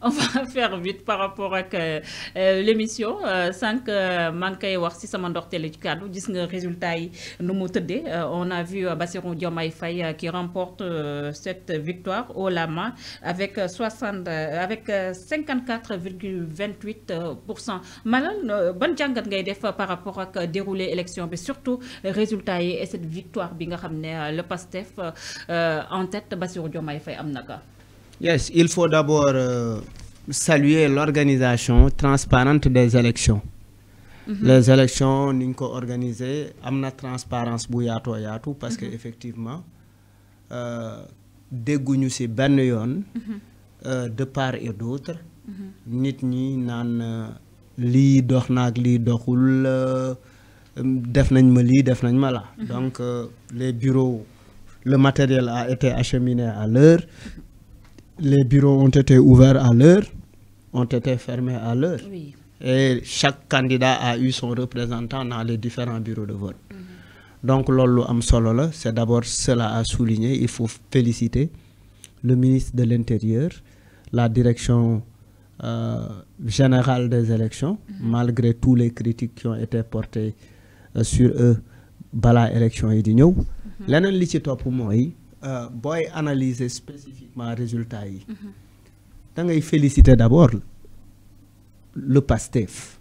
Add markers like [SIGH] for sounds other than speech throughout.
on va [LAUGHS] faire vite par rapport à euh, euh, l'émission euh, Sans que manquer, voir si ça m'endortait l'éducation, Nous gis résultat nous on a vu Bassirou Diomaye Faye qui remporte cette victoire au Lama avec 60 avec 54,28%. virgule bonne def par rapport à déroulé élection mais surtout résultat et cette victoire bi nga le PASTEF en tête Bassirou Diomaye Faye Yes, il faut d'abord euh, saluer l'organisation transparente des élections. Mhm. Les élections, nous avons organisé, amna transparence pour yato parce qu'effectivement, -hmm. que mhm. effectivement, euh, dégouñu ci mhm. euh, de part et d'autre. nit ni nan euh, li dox naag lii doxul def donc les bureaux le matériel a été acheminé à l'heure les bureaux ont été ouverts à l'heure, ont été fermés à l'heure. Et chaque candidat a eu son représentant dans les différents bureaux de vote. Donc, lolo c'est d'abord cela à souligner. Il faut féliciter le ministre de l'Intérieur, la direction euh, générale des élections, malgré tous les critiques qui ont été portées euh, sur eux, la élection et mm -hmm vais euh, analyser spécifiquement résultat yi mhm. da féliciter d'abord le PASTEF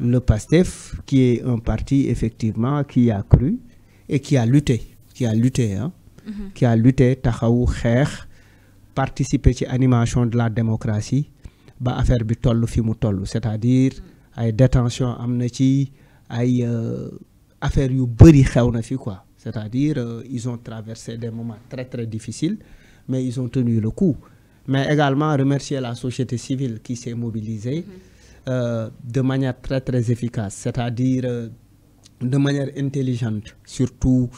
le PASTEF qui est un parti effectivement qui a cru et qui a lutté qui a lutté hein mhm. qui a lutté taxawu participer à l'animation de la démocratie ba affaire bi tollu fi mu c'est-à-dire mm. ay détention amna ci ay euh, affaire yu fi quoi c'est-à-dire, euh, ils ont traversé des moments très, très difficiles, mais ils ont tenu le coup. Mais également, remercier la société civile qui s'est mobilisée mhm. euh, de manière très, très efficace, c'est-à-dire euh, de manière intelligente, surtout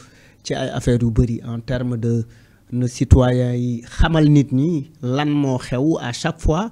affaire en termes de nos citoyens, à chaque fois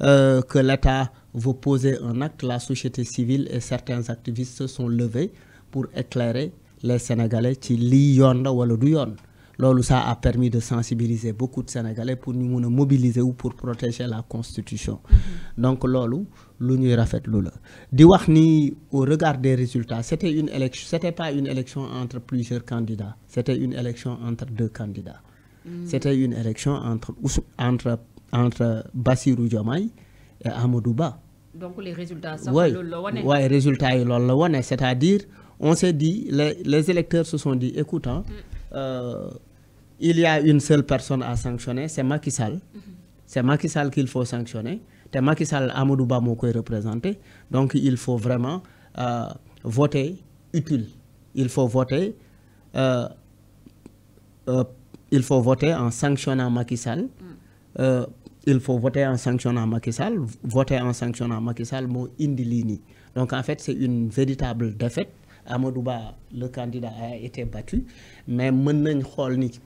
que l'État vous poser un acte, la société civile et certains activistes se sont levés pour éclairer les Sénégalais qui l'ont ou ça a permis de sensibiliser beaucoup de Sénégalais pour nous mobiliser ou pour protéger la constitution mm-hmm. donc loolu lu ñuy rafetlu di au regard des résultats c'était une élection c'était pas une élection entre plusieurs candidats c'était une élection entre deux candidats mm. c'était une élection entre entre entre Bassirou Diomaye et Amadou Ba donc les résultats ça, les résultats c'est-à-dire on s'est dit, les, électeurs se sont dit, écoute, hein, euh, il y a une seule personne à sanctionner, c'est Macky Sall. C'est Macky Sall qu'il faut sanctionner. C'est Macky Sall, Amadou représenté. Donc il faut vraiment euh, voter utile. Il faut voter, euh, il faut voter en sanctionnant Macky Sall. il faut voter en sanctionnant Macky Sall. Voter en sanctionnant Macky Sall, Indilini. Donc en fait, c'est une véritable défaite Amadouba, le candidat a été battu mais maintenant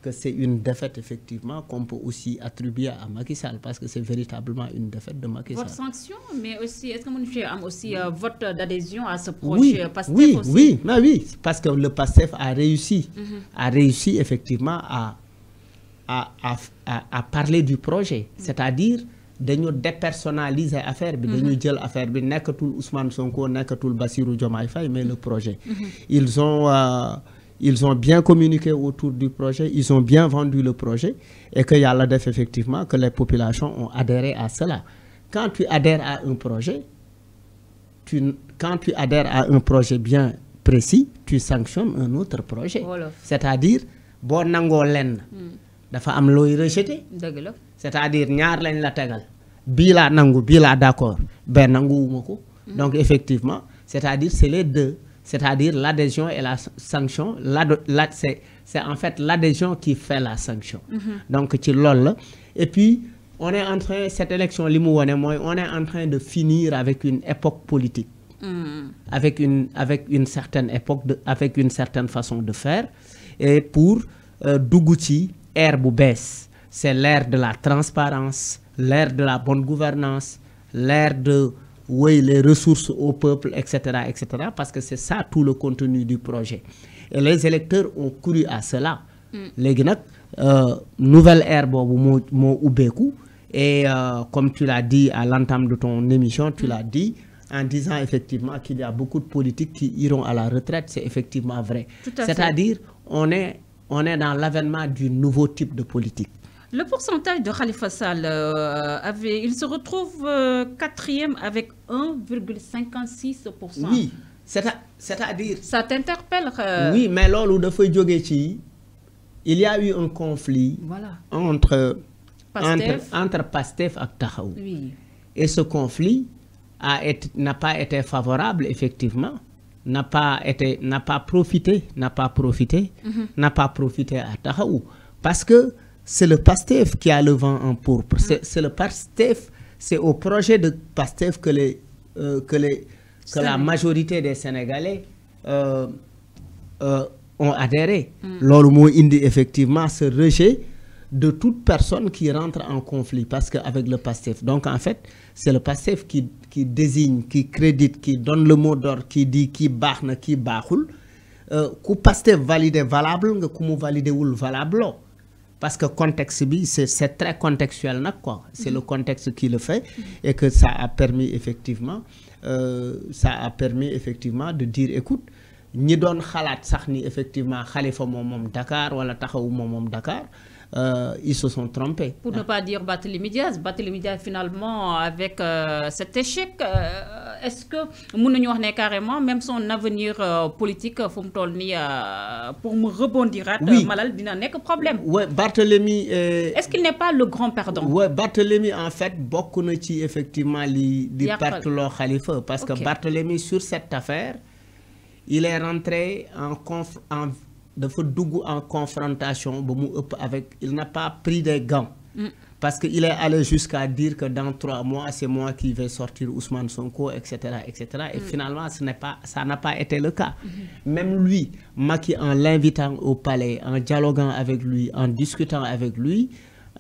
que c'est une défaite effectivement qu'on peut aussi attribuer à Macky Sall parce que c'est véritablement une défaite de Macky Sall. Votre sanction mais aussi est-ce que vous avez aussi euh, mm. vote d'adhésion à ce projet PASTEF oui oui oui parce que le PASTEF a réussi mm-hmm. a réussi effectivement à à à parler du projet mm. c'est-à-dire dañu dépersonnaliser affaire bi dañu mhm. jël affaire bi nekkatul Ousmane Sonko nekkatul Bassirou Diomaye Faye mais le mhm. projet mhm. ils ont euh, ils ont bien communiqué autour du projet ils ont bien vendu le projet et que yalla def effectivement que les populations ont adhéré à cela quand tu adhères à un projet tu quand tu adhères à un projet bien précis tu sanctionnes un autre projet c'est-à-dire boo nango len hmm. dafa am loy rejeter c'est-à-dire ñaar lañ la tégal bi la nangu d'accord ben nanguumako donc effectivement c'est-à-dire c'est les deux c'est-à-dire l'adhésion et la sanction la c'est c'est en fait l'adhésion qui fait la sanction mm-hmm. donc ci ça. et puis on est en train cette élection on est en train de finir avec une époque politique mm. avec une avec une certaine époque avec une certaine façon de faire et pour euh, Duguti, Herbe baisse c'est l'ère de la transparence, l'ère de la bonne gouvernance, l'ère de oui, les ressources au peuple, etc., etc., parce que c'est ça tout le contenu du projet. Et les électeurs ont cru à cela. Mm. Les euh, nouvelle ère bon, mon et euh, comme tu l'as dit à l'entame de ton émission tu mm. l'as dit en disant effectivement qu'il y a beaucoup de politiques qui iront à la retraite c'est effectivement vrai c'est-à-dire on est on est dans l'avènement du nouveau type de politique le pourcentage de Khalifa Sall, euh, avait, il se retrouve euh, quatrième avec 1,56%. Oui, c'est-à-dire... Ça t'interpelle euh, Oui, mais là, il y a eu un conflit entre, entre, Pastef et Tahaou. Oui. Et ce conflit n'a pas été favorable, effectivement, n'a pas, été, pas profité, n'a pas profité, n'a pas profité mm-hmm. à Tahaou. Parce que c'est le PASTEF qui a le vent en pourpre. C'est ah. le PASTEF, c'est au projet de PASTEF que, les, euh, que, les, la majorité des Sénégalais euh, euh, ont adhéré. Hmm. Lors indi effectivement ce rejet de toute personne qui rentre en conflit parce qu'avec le PASTEF. Donc en fait, c'est le PASTEF qui, désigne, qui crédite, qui donne le mot d'or, qui dit qui barne, qui barroule Euh, PASTEF valide valable, que valide ou valable parce que contexte c'est très contextuel c'est le mm-hmm. contexte qui le fait mm-hmm. et que ça a permis effectivement euh, ça a permis effectivement de dire écoute ni effectivement Dakar euh, ils se sont trompés. Pour ne pas dire médias. finalement avec euh, cet échec est-ce que mon carrément même son avenir euh, politique euh, euh, pour me rebondir, malade, pour il n'y Malal dina problème. oui est-ce qu'il n'est pas le grand pardon. oui Barthélemy en fait beaucoup ci effectivement li. di parce que Barthélemy sur cette affaire il est rentré en confrontation avec il n'a pas pris des gants. Mm parce qu'il est allé jusqu'à dire que dans trois mois, c'est moi qui vais sortir Ousmane Sonko, etc. etc. Et mm. finalement, ce pas, ça n'a pas été le cas. Même lui, Maki, en l'invitant au palais, en dialoguant avec lui, en discutant avec lui,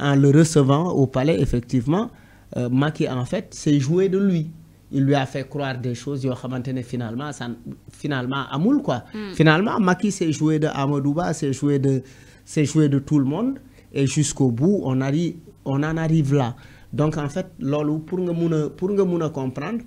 en le recevant au palais, effectivement, euh, Maki, en fait, s'est joué de lui. Il lui a fait croire des choses, yo, finalement, ça, finalement, Amoul, quoi. Mm. Finalement, Maki s'est joué de Amadouba, s'est joué de, joué de tout le monde. Et jusqu'au bout, on dit on en arrive là donc en fait pour nga vous pour a comprendre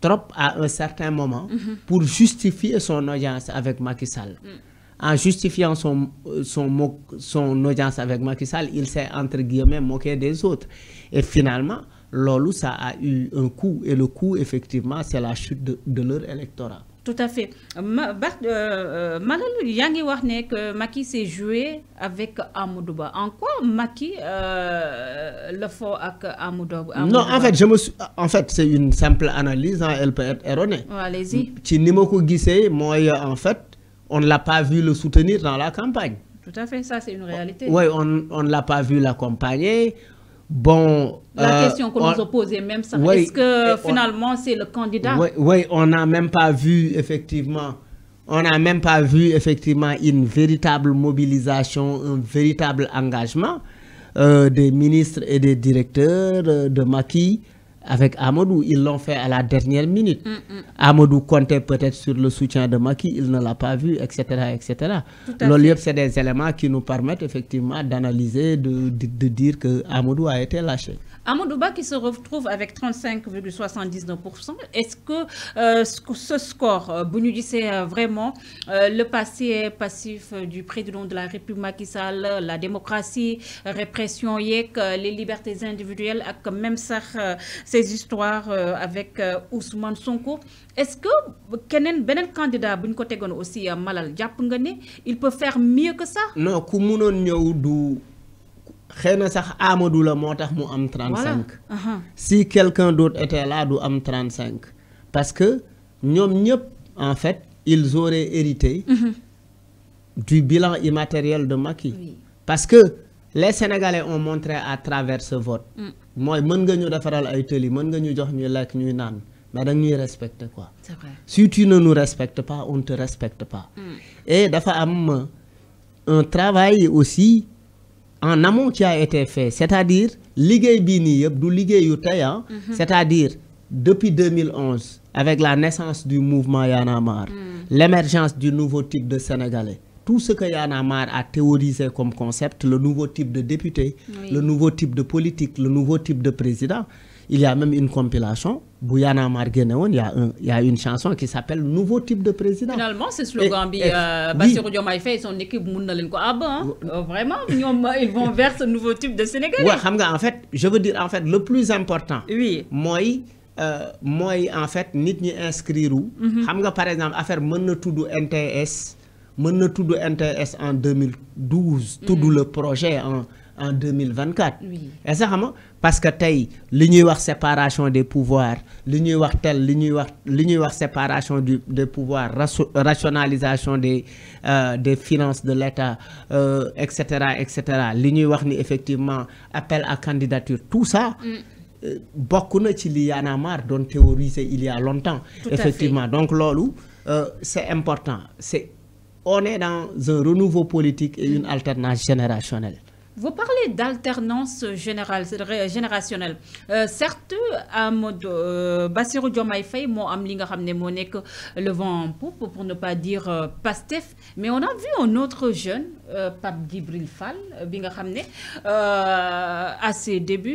trop à un certain moment mhm. pour justifier son audience avec Macky Sall mm. en justifiant son, son, son audience avec Macky Sall, il s'est entre guillemets moqué des autres. Et finalement, Lolo, ça a eu un coup. Et le coup, effectivement, c'est la chute de, de leur électorat. Tout à fait. Ma, euh, euh, Yangi Warne que Maki s'est joué avec Amoudouba. En quoi Maki euh, le faut avec Amoudouba Non, en fait, en fait, c'est une simple analyse, hein, elle peut être erronée. Allez-y. Chinimoko Guissé moi, en fait, on ne l'a pas vu le soutenir dans la campagne. Tout à fait, ça c'est une réalité. Oui, on ne l'a pas vu l'accompagner, Bon. La euh, question que nous a posée même ça, est-ce que finalement c'est le candidat Oui, on n'a même pas vu effectivement, on n'a même pas vu effectivement une véritable mobilisation, un véritable engagement euh, des ministres et des directeurs euh, de Maquis avec Amadou, ils l'ont fait à la dernière minute. Mm, mm. Amadou comptait peut-être sur le soutien de Maki, il ne l'a pas vu, etc. etc. L'OLIEP, c'est des éléments qui nous permettent effectivement d'analyser, de, de, dire que Amadou a été lâché. Amadouba qui se retrouve avec 35,79%. Est-ce euh, que ce score, vous euh, c'est euh, vraiment le passé passif du président de la République Macky Sall, la démocratie, répression, yek, les libertés individuelles, et même ces histoires avec Ousmane Sonko. Est-ce que Kenen Benen candidat, aussi Malal il peut faire mieux que ça Non, xëy sax Amadou la motax am. 35 si quelqu'un d'autre était là du am 35. parce que ñom ñep en fait ils auraient hérité. Mhm. du bilan immatériel de Macky. parce que les Sénégalais ont montré à travers ce vote. moy mm. meun nga ñu défaral ay tëli meun nga ñu jox ñu lekk ñuy nan mais da ñuy respecter quoi. c'est vrai si tu ne nous respectes pas on te respecte pas. Mm. et dafa am un travail aussi en amont qui a été fait c'est-à-dire ah. mhm. c'est-à-dire depuis 2011 avec la naissance du mouvement Yanamar, mm. l'émergence du nouveau type de Sénégalais. tout ce que Yanamar a théorisé comme concept, le nouveau type de député, le nouveau type de politique, le nouveau type de président. Il y a même une compilation Bouyana il y, a une chanson qui s'appelle Nouveau type de président. Finalement, c'est slogan et, et, euh, Bassirou Diomaye fait son équipe ah ben, vraiment ils vont [LAUGHS] vers ce nouveau type de Sénégalais. Ouais, en fait, je veux dire en fait le plus important. Oui. Moi euh, moi en fait nit ñi inscrire mhm. xam par exemple affaire mën na tuddu NTS tuddu NTS en 2012 mhm. tuddu le projet en en 2024 parce que l'Union a séparation des pouvoirs l'Union tel séparation des pouvoirs rationalisation des euh, des finances de l'État etc. Euh, L'Union, et effectivement appel à candidature tout ça mm. euh, beaucoup de ci li Y'en il y a longtemps effectivement donc c'est important c'est on est dans un renouveau politique et une alternance générationnelle vous parlez d'alternance générationnelle euh, certes à euh, Bassirou Diomaye Faye moo am li nga le vent en poupe pour ne pas dire euh, Pastef mais on a vu un autre jeune Pape Gibril Fall à ses débuts